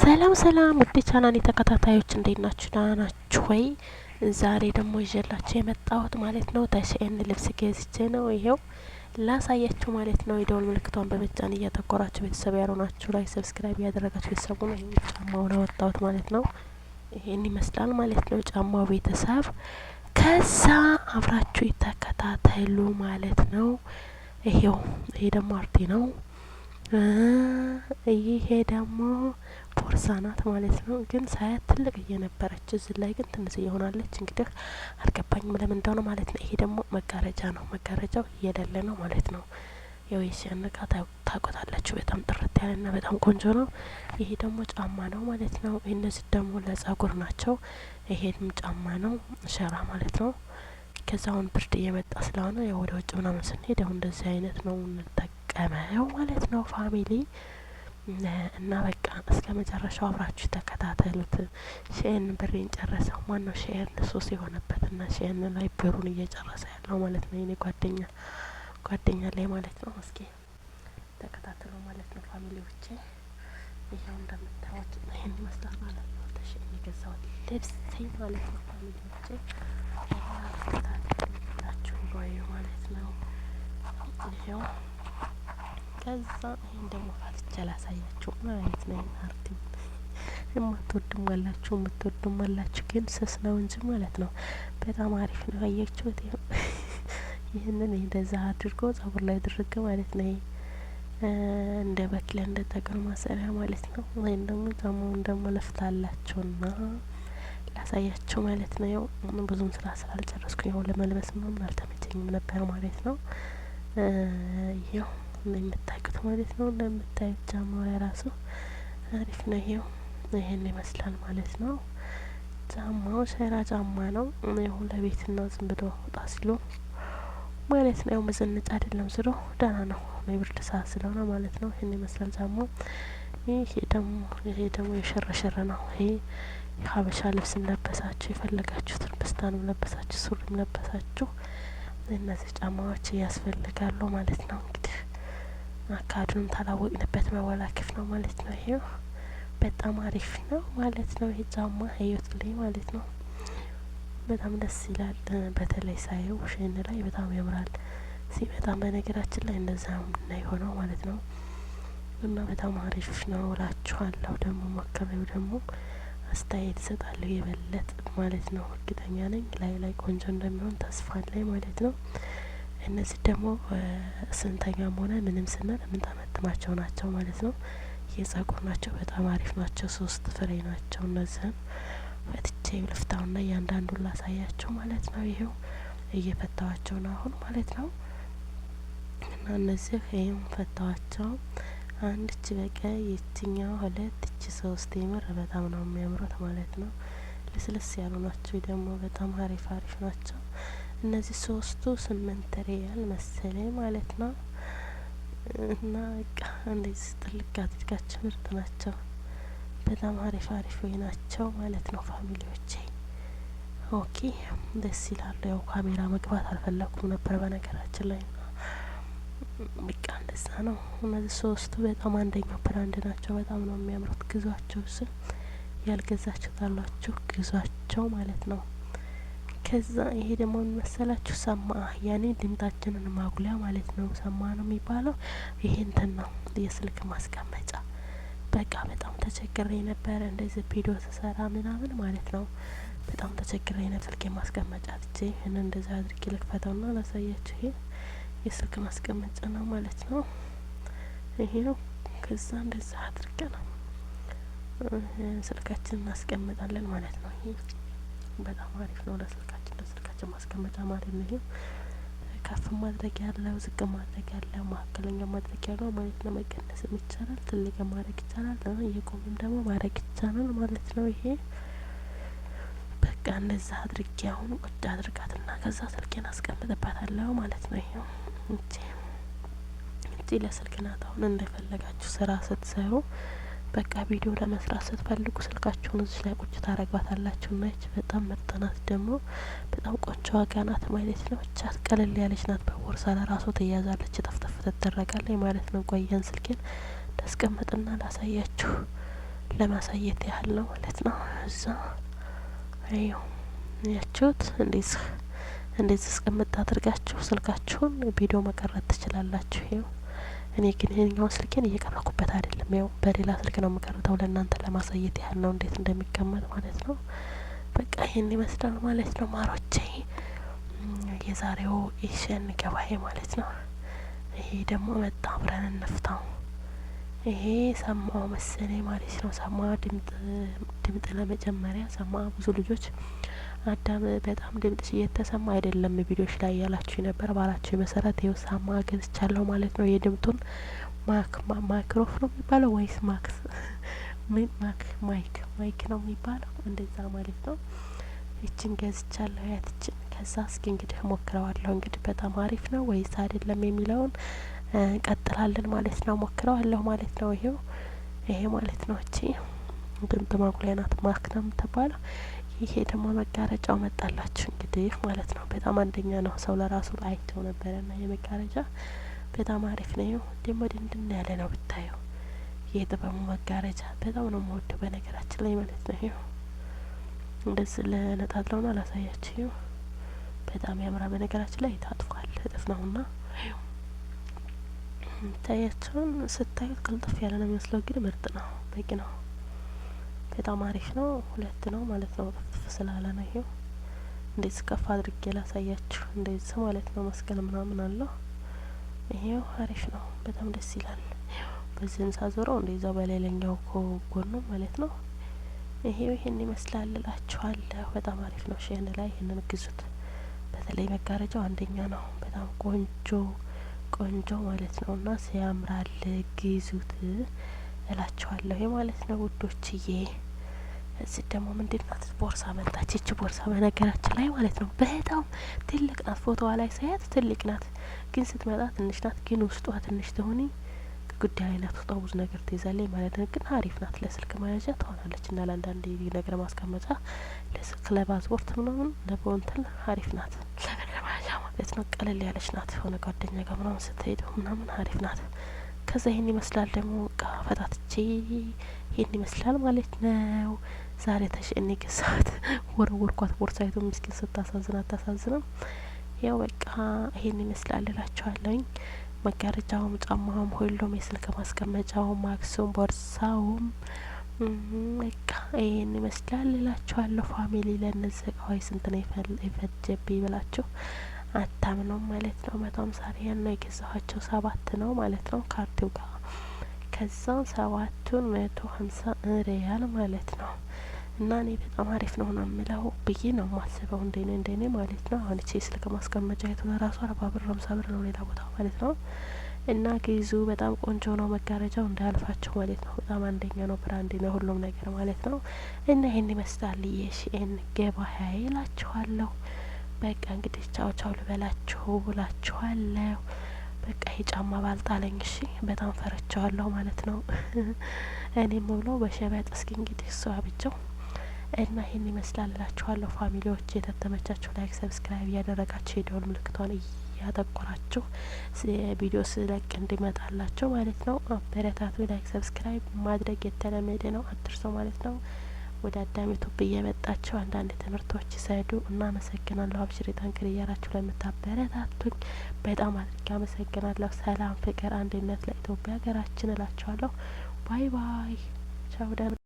ሰላም ሰላም ውድ ቻናል ተከታታዮች እንዴት ናችሁ? ደህና ናችሁ ወይ? ዛሬ ደግሞ ይዤላችሁ የመጣሁት ማለት ነው ተሽኤን ልብስ ገዝቼ ነው ይሄው ላሳያችሁ ማለት ነው። የደወል ምልክቷን በመጫን እያተኮራችሁ ቤተሰብ ያልሆናችሁ ላይ ሰብስክራይብ ያደረጋችሁ ቤተሰቡ ነው። ይሄ ጫማውን አወጣሁት ማለት ነው። ይሄን ይመስላል ማለት ነው ጫማው ቤተሰብ። ከዛ አብራችሁ የተከታተሉ ማለት ነው። ይሄው ይሄ ደግሞ አርቴ ነው። ይሄ ደግሞ ጎርሳ ናት ማለት ነው። ግን ሳያት ትልቅ እየነበረች እዚህ ላይ ግን ትንሽ እየሆናለች። እንግዲህ አልገባኝም ለምን እንደሆነ ማለት ነው። ይሄ ደግሞ መጋረጃ ነው። መጋረጃው እየሌለ ነው ማለት ነው። ያው የሲያን ታቆታላችሁ። በጣም ጥርት ያለና በጣም ቆንጆ ነው። ይሄ ደግሞ ጫማ ነው ማለት ነው። እነዚህ ደግሞ ለጸጉር ናቸው። ይሄም ጫማ ነው ሸራ ማለት ነው። ከዛውን ብርድ እየመጣ ስለሆነ ያው ወደ ውጭ ምናምን ስንሄድ ያው እንደዚህ አይነት ነው እንጠቀመው ማለት ነው ፋሚሊ እና በቃ እስከ መጨረሻው አብራችሁ ተከታተሉት። ሼን ብሬን ጨረሰው። ማን ነው ሼን? ሱስ የሆነበት እና ሼን ላይ ብሩን እየጨረሰ ያለው ማለት ነው። የኔ ጓደኛ ጓደኛ ላይ ማለት ነው። እስኪ ተከታተሉ ማለት ነው። ፋሚሊዎቼ ይኸው እንደምታዩት ይህን ይመስላል ማለት ነው። ተሸን የገዛሁት ልብሰኝ ማለት ነው። ፋሚሊዎቼ ተከታተሉ ላችሁ ማለት ነው። ይኸው ከዛ ይህን ደግሞ ፋትቻ ላሳያችሁ ማለት ነው። ይህን አርቲ የማትወድም አላችሁ የምትወዱም አላችሁ፣ ግን ስስ ነው እንጂ ማለት ነው። በጣም አሪፍ ነው። አያችሁት? ይህንን እንደዛ አድርጎ ጸጉር ላይ ድርግ ማለት ነው። እንደ በክለ እንደ ጠቅር ማሰሪያ ማለት ነው። ወይም ደግሞ ጫማውን ደግሞ ለፍታላችሁና ላሳያችሁ ማለት ነው። ያው ብዙም ስራ ስላልጨረስኩ ያው ለመልበስ ምናምን አልተመቸኝም ነበር ማለት ነው። ያው እንደምታውቁት ማለት ነው። እንደምታዩት ጫማው የራሱ አሪፍ ነው። ይሄው ይሄን ይመስላል ማለት ነው። ጫማው ሸራ ጫማ ነው። ይሁን ለቤትና ዝም ብሎ ወጣ ሲሉ ማለት ነው። ያው መዘነጫ አይደለም ስሎ ደህና ነው። የብርድ ሰዓት ስለሆነ ማለት ነው። ይሄን ይመስላል ጫማው። ይሄ ደግሞ ይሄ ደግሞ የሸረሸረ ነው። ይሄ የሀበሻ ልብስም ለበሳችሁ የፈለጋችሁትን ብስታንም ለበሳችሁ ሱሪም ለበሳችሁ እነዚህ ጫማዎች ያስፈልጋሉ ማለት ነው እንግዲህ አካዱን ታላወቅንበት መወላከፍ ነው ማለት ነው። ይሄው በጣም አሪፍ ነው ማለት ነው። ይሄ ጫማ ህይወት ላይ ማለት ነው። በጣም ደስ ይላል። በተለይ ሳየው ሸን ላይ በጣም ያምራል። ሲመጣ። በነገራችን ላይ እነዛም ና የሆነው ማለት ነው እና በጣም አሪፍ ነው እላችኋለሁ። ደግሞ ሞክሬው ደግሞ አስተያየት ይሰጣለሁ የበለጥ ማለት ነው። እርግጠኛ ነኝ ላይ ላይ ቆንጆ እንደሚሆን ተስፋ ላይ ማለት ነው። እነዚህ ደግሞ ስንተኛም ሆነ ምንም ስንል የምንጠመጥማቸው ናቸው ማለት ነው። የጸጉር ናቸው በጣም አሪፍ ናቸው። ሶስት ፍሬ ናቸው እነዚህም ፈትቼ ልፍታውና እያንዳንዱ ላሳያቸው ማለት ነው። ይሄው እየፈታዋቸው ነው አሁን ማለት ነው። እና እነዚህ ይህም ፈታዋቸው። አንድ እች በቀይ የችኛው ሁለት እች ሶስት የምር በጣም ነው የሚያምሩት ማለት ነው። ልስልስ ያሉ ናቸው ደግሞ በጣም አሪፍ አሪፍ ናቸው። እነዚህ ሶስቱ ስምንት ሪያል መሰለኝ ማለት ነው። እና በቃ እንደዚህ ጥልቅ አድርጋችሁ ምርጥ ናቸው። በጣም አሪፍ አሪፍ ወይ ናቸው ማለት ነው ፋሚሊዎቼ። ኦኬ ደስ ይላሉ። ያው ካሜራ መግባት አልፈለኩም ነበር በነገራችን ላይ ና በቃ እንደዛ ነው። እነዚህ ሶስቱ በጣም አንደኛው ብራንድ ናቸው። በጣም ነው የሚያምሩት። ግዟቸው ስም ያልገዛችሁ ካሏችሁ ግዟቸው ማለት ነው። ከዛ ይሄ ደግሞ የሚመሰላችሁ ሰማ ያኔ ድምጣችንን ማጉሊያ ማለት ነው። ሰማ ነው የሚባለው። ይሄ እንትን ነው የስልክ ማስቀመጫ። በቃ በጣም ተቸግሬ ነበረ እንደዚህ ቪዲዮ ስሰራ ምናምን ማለት ነው። በጣም ተቸግሬ ነበር። ስልክ ማስቀመጫ ትቼ ይህን እንደዚህ አድርጌ ልክፈተው ና ላሳያችሁ። ይሄ የስልክ ማስቀመጫ ነው ማለት ነው። ይሄ ነው። ከዛ እንደዚህ አድርገ ነው ስልካችንን እናስቀምጣለን ማለት ነው። ይሄ በጣም አሪፍ ነው ለስልካችን ለስልካችን ማስቀመጫ ማለት ነው። ይሄ ከፍ ማድረግ ያለው ዝቅ ማድረግ ያለው መካከለኛ ማድረግ ያለው ማለት ነው። መቀነስም ይቻላል፣ ትልቅ ማድረግ ይቻላል፣ የቆመም ደግሞ ማድረግ ይቻላል ማለት ነው። ይሄ በቃ እንደዛ አድርጌ አሁን ቁጭ አድርጋትና ከዛ ስልኬን አስቀምጥበታለሁ ማለት ነው። ይሄው እንጂ ለስልክ ናት። አሁን እንደፈለጋችሁ ስራ ስትሰሩ በቃ ቪዲዮ ለመስራት ስትፈልጉ ስልካችሁን እዚህ ላይ ቁጭ ታረግባታላችሁ ና ይች በጣም ምርጥ ናት። ደግሞ በጣም ቆንጆ ዋጋ ናት ማለት ነው። እቻት ቀለል ያለች ናት። በቦርሳ ለራሱ ትያዛለች፣ ጠፍጠፍ ትደረጋለች ማለት ነው። ጓያን ስልኬን ላስቀምጥና ላሳያችሁ ለማሳየት ያህል ነው ማለት ነው። እዛ አዩ ያችሁት እንዴት እንዴት ስቀምጥ አድርጋችሁ ስልካችሁን ቪዲዮ መቀረጥ ትችላላችሁ። ይው እኔ ግን ይሄኛው ስልኬን እየቀረኩበት አይደለም። ያው በሌላ ስልክ ነው የምቀርተው ለእናንተ ለማሳየት ያህል ነው እንዴት እንደሚቀመጥ ማለት ነው። በቃ ይህን ይመስላል ማለት ነው ማሮቼ የዛሬው ኤሽን ገባኤ ማለት ነው። ይሄ ደግሞ መጣ አብረን እንፍታው። ይሄ ሰማው መሰለኝ ማለት ነው። ሰማ ድምጥ ለመጀመሪያ ሰማ ብዙ ልጆች አዳም በጣም ድምጽ እየተሰማ አይደለም ቪዲዮች ላይ ያላችሁ ነበር ባላችሁ መሰረት ይኸው ሳማ ገዝቻለሁ ማለት ነው። የድምጡን ማክ ማይክሮፍ ነው የሚባለው ወይስ ማክስ ምን ማክ ማይክ ማይክ ነው የሚባለው እንደዛ ማለት ነው። ይችን ገዝቻለሁ ያትችን ከዛ እስኪ እንግዲህ ሞክረዋለሁ። እንግዲህ በጣም አሪፍ ነው ወይስ አይደለም የሚለውን እንቀጥላለን ማለት ነው። ሞክረዋለሁ ማለት ነው። ይሄው ይሄ ማለት ነው። እቺ ድምጥ ማጉሊያ ናት። ማክ ነው የምትባለው ይሄ ደግሞ መጋረጃው መጣላችሁ እንግዲህ ማለት ነው። በጣም አንደኛ ነው። ሰው ለራሱ አይተው ነበረ ና የመጋረጃ በጣም አሪፍ ነው። ደግሞ ድንድን ያለ ነው ብታየው። የጥበቡ መጋረጃ በጣም ነው የምወደው በነገራችን ላይ ማለት ነው። ይኸው እንደዚህ ለነጣጥለውና አላሳያችሁ በጣም ያምራ። በነገራችን ላይ ታጥፏል እጥፍ ነው ና ታያቸውን ስታዩት ቅልጥፍ ያለ ነው የሚመስለው፣ ግን ምርጥ ነው፣ በቂ ነው። በጣም አሪፍ ነው። ሁለት ነው ማለት ነው። ጥፍጥፍ ስላለ ነው። ይሄው እንደዚህ ከፍ አድርጌ ላሳያችሁ። እንደዚህ ማለት ነው። መስቀል ምናምን አለው። ይሄው አሪፍ ነው። በጣም ደስ ይላል። በዚህ ሳዞረው ዞረው እንደዛ በሌላኛው ጎኑ ማለት ነው። ይሄው ይሄን ይመስላል እላችኋለሁ። በጣም አሪፍ ነው። ሺህን ላይ ይሄንን ግዙት። በተለይ መጋረጃው አንደኛ ነው። በጣም ቆንጆ ቆንጆ ማለት ነው እና ሲያምራል፣ ግዙት። እላቸዋለሁ የማለት ነው ውዶችዬ። እዚህ ደግሞ ናት ቦርሳ መጣች። ይቺ ቦርሳ በነገራችን ላይ ማለት ነው በጣም ትልቅ ናት። ፎቶዋ ላይ ሳያት ትልቅ ናት፣ ግን ስትመጣ ትንሽ ናት። ግን ውስጧ ትንሽ ትሆኒ ጉዳይ አይነት ውስጧ ብዙ ነገር ትይዛለች ማለት ነው። ግን አሪፍ ናት፣ ለስልክ መያዣ ትሆናለች እና ለአንዳንድ ነገር ማስቀመጫ፣ ለስልክ ለፓስፖርት ምናምን ለቦንትን አሪፍ ናት፣ ለነገር መያዣ ማለት ነው። ቀለል ያለች ናት። የሆነ ጓደኛ ጋር ምናምን ስትሄድ ምናምን አሪፍ ናት። ከዛ ይህን ይመስላል ደግሞ ፈታትቼ ይሄን ይመስላል ማለት ነው። ዛሬ ተሸእኔ ገዛት ወረወርኳት። ቦርሳይቱ ምስኪን ስታሳዝን አታሳዝንም። ያው በቃ ይሄን ይመስላል እላችኋለሁኝ። መጋረጃውም፣ ጫማውም፣ ሁሉም የስልክ ማስቀመጫውም፣ ማክሱም፣ ቦርሳውም በቃ ይሄን ይመስላል እላችኋለሁ። ፋሚሊ ለእነዚህ እቃዎች ስንት ነው የፈጀብኝ ብላችሁ አታምነውም ማለት ነው። መቶ አምሳ ሪያል ነው የገዛኋቸው። ሰባት ነው ማለት ነው ካርቲው ጋር ከዛ ሰባቱን መቶ ሀምሳ ሪያል ማለት ነው። እና እኔ በጣም አሪፍ ነው ነው ምለው ብዬ ነው ማስበው፣ እንደኔ እንደኔ ማለት ነው። አሁን ቼ ስልክ ማስቀመጫ የቱ ራሱ አርባ ብር ሀምሳ ብር ነው ሌላ ቦታ ማለት ነው። እና ግዙ በጣም ቆንጆ ነው መጋረጃው እንዳያልፋቸው ማለት ነው። በጣም አንደኛ ነው፣ ብራንድ ነው፣ ሁሉም ነገር ማለት ነው። እና ይህን ይመስላል የሺኤን ገበያ ይላችኋለሁ። በቃ እንግዲህ ቻው ቻው ልበላችሁ ብላችኋለሁ። በቃ ይሄ ጫማ ባልጣለኝ። እሺ በጣም ፈረቸዋለሁ ማለት ነው። እኔም ብሎ በሸበጥ እስኪ እንግዲህ እሷ ብቻው እና ይህን ይመስላላችኋለሁ። ፋሚሊዎች የተተመቻችሁ ላይክ፣ ሰብስክራይብ እያደረጋችሁ የደወል ምልክቷን እያጠቆራችሁ ቪዲዮ ስለቅ እንዲመጣላቸው ማለት ነው። አበረታቱ። ላይክ፣ ሰብስክራይብ ማድረግ የተለመደ ነው። አድርሶ ማለት ነው። ወደ አዳሚ ቱብ እየመጣቸው አንዳንድ ትምህርቶች ሰዱ። እናመሰግናለሁ። አብሽሪ ጠንክር እያራችሁ ለምታበረታቱኝ በጣም አድርጌ አመሰግናለሁ። ሰላም፣ ፍቅር፣ አንድነት ለኢትዮጵያ ሀገራችን እላችኋለሁ። ባይ ባይ። ቻው።